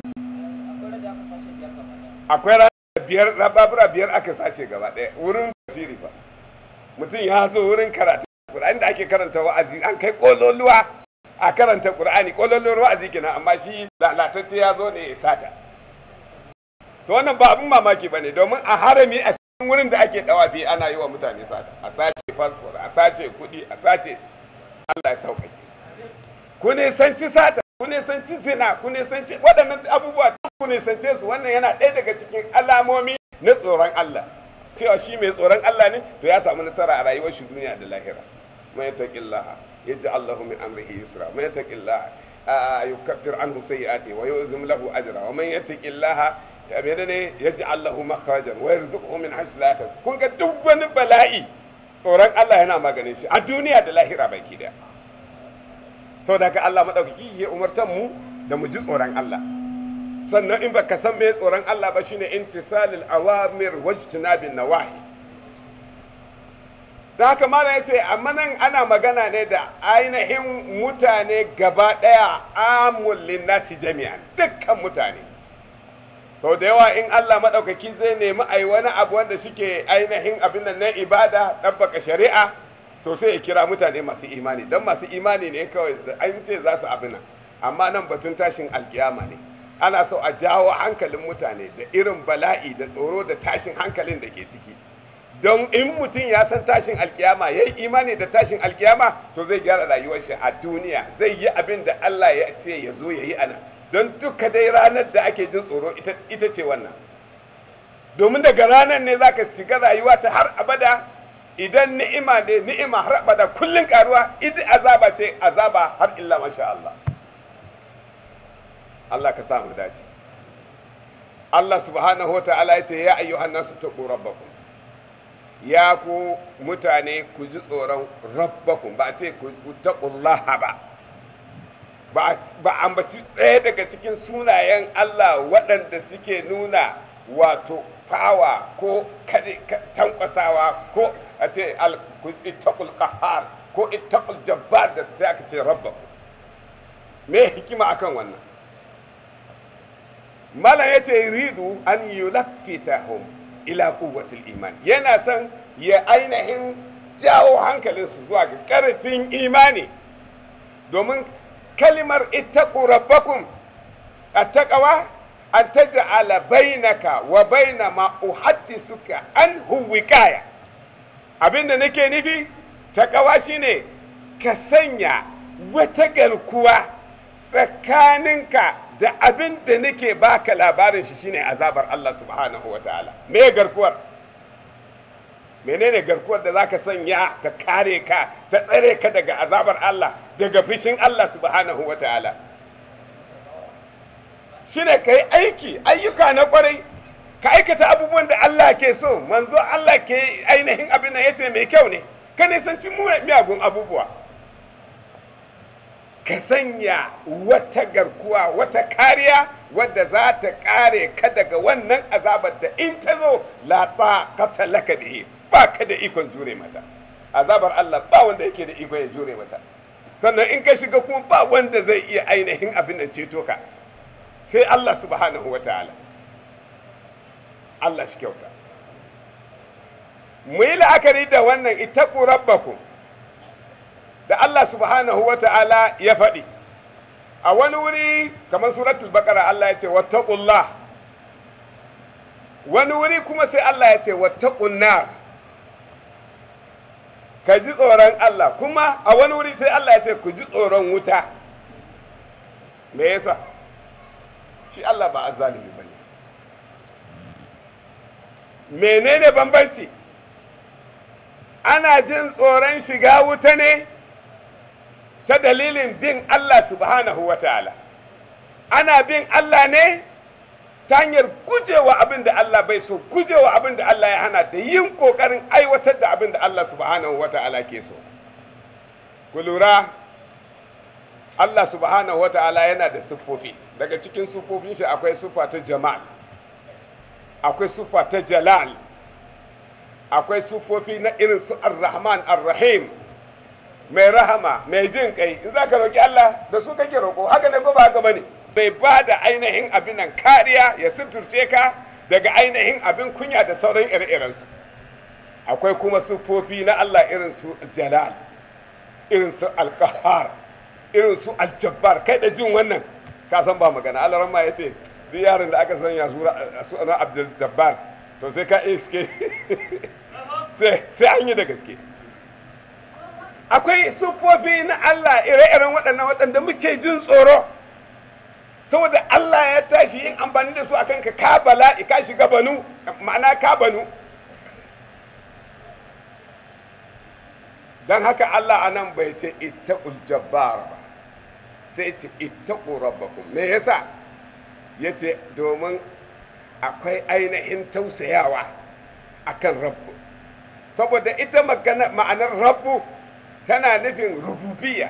akwai ranar biyar babura biyar aka sace gaba ɗaya wurin tafsiri fa mutum ya zo wurin karatu Ƙur'ani da ake karanta wa'azi an kai kololuwa a karanta Qur'ani kololuwar wa'azi kenan amma shi lalatacce ya zo ne ya sata to wannan ba abin mamaki bane domin a harami a cikin wurin da ake dawafi ana yi wa mutane sata a sace passport a sace kuɗi a sace Allah ya sauƙaƙe ku ne san ci sata ku ne san ci zina ku ne san ci waɗannan abubuwa ku ne san su wannan yana ɗaya daga cikin alamomi na tsoron Allah cewa shi mai tsoron Allah ne to ya samu nasara a rayuwar shi duniya da lahira man yattaqillaha yaj'al lahu min amrihi yusra man yattaqillaha yukaffir anhu sayyi'ati wa yu'zim lahu ajra wa man yattaqillaha menene yaj'al lahu makhrajan wa yarzuquhu min haythu la duk bala'i tsoron Allah yana maganin shi a duniya da lahira baki daya saboda ka Allah madaukaki ya umartan mu da mu ji tsoron Allah sannan in baka san me tsoron Allah ba shine intisalil awamir wajtinabin nawahi da haka mala ya ce amma nan ana magana ne da ainihin mutane gaba ɗaya amullin linnasi jami'an dukkan mutane sau da yawa in allah maɗaukaki zai nemi a wani abu wanda shike ainihin abin nan na ibada ɗabbaka shari'a to sai ya kira mutane masu imani don masu imani ne kawai an ce za su abin nan amma nan batun tashin alkiyama ne ana so a jawo hankalin mutane da irin bala'i da tsoro da tashin hankalin da ke ciki don in mutum ya san tashin alkiyama ya yi imani da tashin alkiyama to zai gyara rayuwarshi a duniya zai yi abin da Allah ya ce ya zo ya yi ana don duka dai ranar da ake jin tsoro ita ce wannan domin daga ranar ne za ka shiga rayuwa ta har abada idan ni'ima ne ni'ima har abada kullum karuwa idan azaba ce azaba har illa masha Allah Allah ka samu dace Allah subhanahu wa ta'ala ya ce ya ayyuhan nasu taqu rabbakum ya ku mutane ku ji tsoron rabbakun ba a ce ku taqullaha ba ba ambaci ɗaya daga cikin sunayen Allah waɗanda suke nuna wato fawa ko tankwasawa ko a ce ittaqul kahar ko itakul jabbar da sai aka ce rabbakum me hikima akan wannan malam yace ridu an yulaffitahum ila kuwatul iman yana san ya ainihin jawo hankalinsu zuwa ga karfin imani domin kalimar ittaqu rabbakum attaqwa an taj'ala bainaka wa baina ma uhaddisuka an huwikaya abinda nake nufi taqwa shine ka sanya wata garkuwa tsakaninka da abin da nake baka labarin shi shine azabar Allah subhanahu wa ta'ala me garkuwar menene garkuwar da zaka sanya ta kare ka ta tsare ka daga azabar Allah daga fishin Allah subhanahu wa ta'ala shine kai aiki ayyuka na kwarai ka aikata abubuwan da Allah ke so manzo Allah ke ainihin abin da yace mai kyau ne ka nisanci miyagun abubuwa ka sanya wata garkuwa wata kariya wadda za ta kare ka daga wannan azabar da in ta zo la kata laka yi. ba ka da ikon jure mata azabar Allah ba wanda yake da ikon ya jure mata sannan in ka shiga kuma ba wanda zai iya ainihin abin da ceto ka sai Allah subhanahu wa ta'ala Allah shi kyauta mu yi la'akari da wannan ita ku ku. da Allah subhanahu wa ta'ala ya faɗi a wani wuri kamar suratul baqara Allah ya ce wattaqullah wani wuri kuma sai Allah ya ce wattaqun nar ka ji tsoron Allah kuma a wani wuri sai Allah ya ce ku ji tsoron wuta me yasa shi Allah ba azzalimi ne menene bambanci ana jin tsoron shiga wuta ne ta dalilin bin Allah subhanahu wa ta'ala ana bin Allah ne ta hanyar gujewa abin da Allah bai so gujewa abin da Allah ya hana da yin kokarin aiwatar da abin da Allah subhanahu wa ta'ala ke so ku lura Allah subhanahu wa ta'ala yana da siffofi daga cikin siffofin shi akwai siffa ta jamal akwai siffa ta jalal akwai siffofi na irin su ar-rahman ar-rahim mai rahama mai jin kai in za ka roƙi Allah da su kake roƙo haka ne ko ba haka bane bai ba da ainihin abin nan kariya ya suturce ka daga ainihin abin kunya da sauran ire su akwai kuma siffofi na Allah irin su jalal irin su alkahar irin su aljabbar kai da jin wannan ka san ba magana Allah ramma ya ce duk yaron da aka sanya na abdul jabbar to sai ka iske sai an yi da gaske akwai sufofi na Allah ire-iren waɗannan waɗanda muke jin tsoro saboda Allah ya tashi yin amfani da su a kanka, ka Bala ka shiga banu ma'ana ka banu don haka Allah a nan bai ce ita jabbar ba sai ce ittaqu rabbakum me yasa ce. domin akwai ainihin tausayawa akan rabbu saboda ita ma'anar rabbu tana nufin rububiya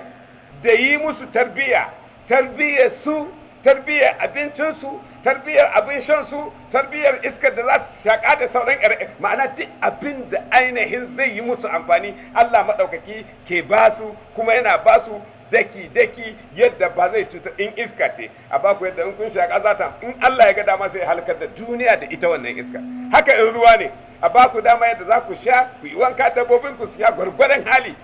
da yi musu tarbiya tarbiyar su tarbiyar abincinsu tarbiyar abin shansu tarbiyar iskar da za su shaƙa da sauran ƴar'ya ma'ana duk abin da ainihin zai yi musu amfani allah maɗaukaki ke ba su kuma yana ba su daki daki yadda ba zai cuta in iska ce a baku yadda in kun shaƙa za in allah ya ga dama sai halkar da duniya da ita wannan iska haka in ruwa ne a baku dama yadda za ku sha ku yi wanka dabbobin ku su sha gwargwadon hali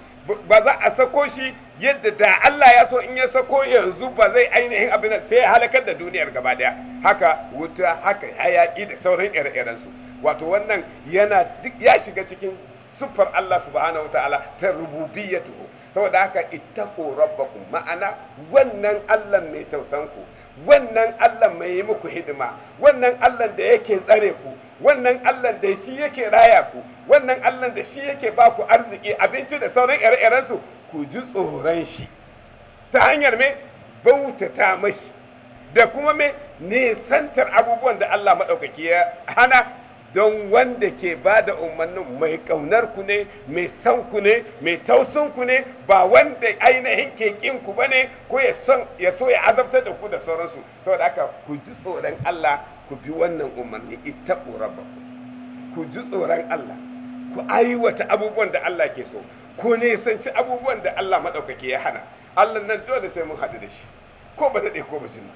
ba za a sako shi yadda da Allah ya so in ya sako yanzu ba zai ainihin abin sai ya halakar da duniyar gaba daya haka wuta haka hayaki da sauran ire-iren su wato wannan yana duk ya shiga cikin sufar Allah subhanahu wataala ta rububiyatu saboda haka ittaqu rabbakum ma'ana wannan Allah mai tausanku wannan Allah mai yi muku hidima wannan Allah da yake tsare ku wannan allah da shi yake raya ku wannan allah da shi yake ba ku arziki abinci da sauran ire-irensu ku ji tsoron shi ta hanyar me bautata mashi da kuma me nisantar abubuwan da allah maɗaukaki ya hana don wanda ke ba da umarnin mai ƙaunar ku ne mai son ku ne mai tausun ku ne ba wanda ainihin ke ku ba ne ko ya so ya azabtar da ku da sauransu saboda haka ku ji tsoron Allah ku bi wannan umarni ita ittaqu ba ku ji tsoron Allah ku aiwata abubuwan da Allah ke so Ko ku nisanci abubuwan da Allah maɗaukake ya hana Allah nan dole sai mun haɗu da shi ko ba daɗe ko ba jima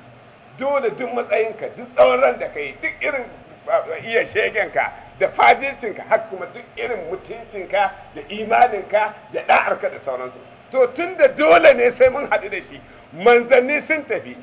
dole duk matsayinka duk tsoron da ka yi duk irin ah, iya shegenka da fajircinka har kuma duk irin mutuncinka da imaninka da ɗa'arka da sauransu to tun da dole ne sai mun haɗu da shi manzanni sun tafi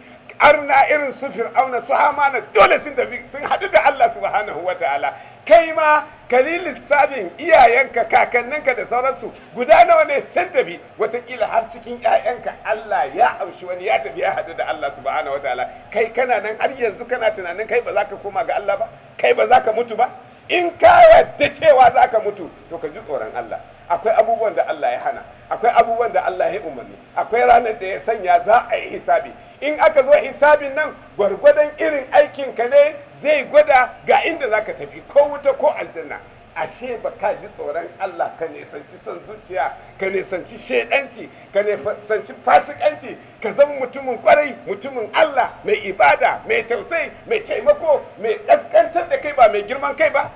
arna irin su fir'auna su hamana dole sun tafi sun haɗu da Allah subhanahu wa ta'ala kai ma kali lissafin iyayenka kakanninka da sauransu guda nawa ne sun tafi watakila har cikin 'ya'yanka Allah ya amshi wani ya tafi ya haɗu da Allah subhanahu wa ta'ala kai kana nan har yanzu kana tunanin kai ba za ka koma ga Allah ba kai ba za ka mutu ba in ka yadda cewa za ka mutu to ka ji tsoron Allah akwai abubuwan da Allah ya hana akwai abubuwan da Allah ya umarni akwai ranar da ya sanya za a yi hisabi in aka zo hisabin nan gwargwadon irin aikin ka ne zai gwada ga inda za ka tafi ko wuta ko aljanna ashe ba ka ji tsoron Allah ka sanci son zuciya ka nisanci shedanci ka sanci fasikanci ka zama mutumin kwarai mutumin Allah mai ibada mai tausayi mai taimako mai kaskantar da kai ba mai girman kai ba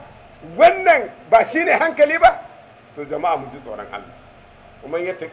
wannan ba shine hankali ba to jama'a mu ji tsoron Allah kuma ya ji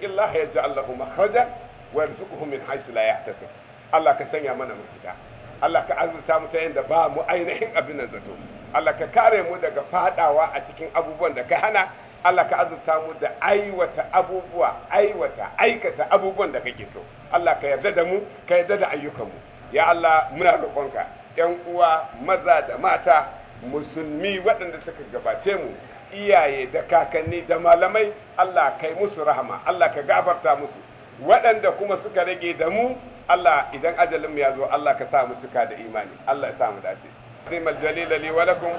allahu makhraja wa yarzuquhu min haythu la yahtasib Allah ka sanya mana mafita Allah ka azurta mu ta yadda ba mu ainihin abin nan zato Allah ka kare mu daga fadawa a cikin abubuwan da ka hana Allah ka azurta mu da aiwata abubuwa aiwata aikata abubuwan da kake so Allah ka yarda da mu ka yarda da ayyukan mu. ya Allah muna roƙonka yan uwa maza da mata musulmi waɗanda suka gabace mu iyaye da kakanni da malamai Allah kai musu rahama Allah ka gafarta musu waɗanda kuma suka rage da mu Allah إذا أجل لم zo الله كسام تكاد إيماني الله سام داسي Allah الجليل لي ولكم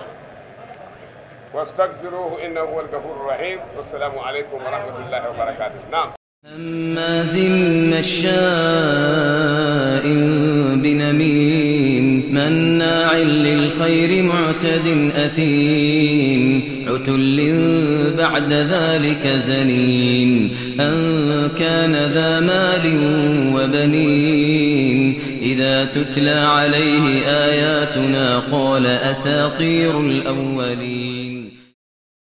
واستغفروه انه هو الغفور الرحيم والسلام عليكم ورحمه الله وبركاته نعم هماز مشاء بنميم مناع للخير معتد اثيم عتل بعد ذلك زنين أن كان ذا مال وبنين إذا تتلى عليه آياتنا قال أساطير الأولين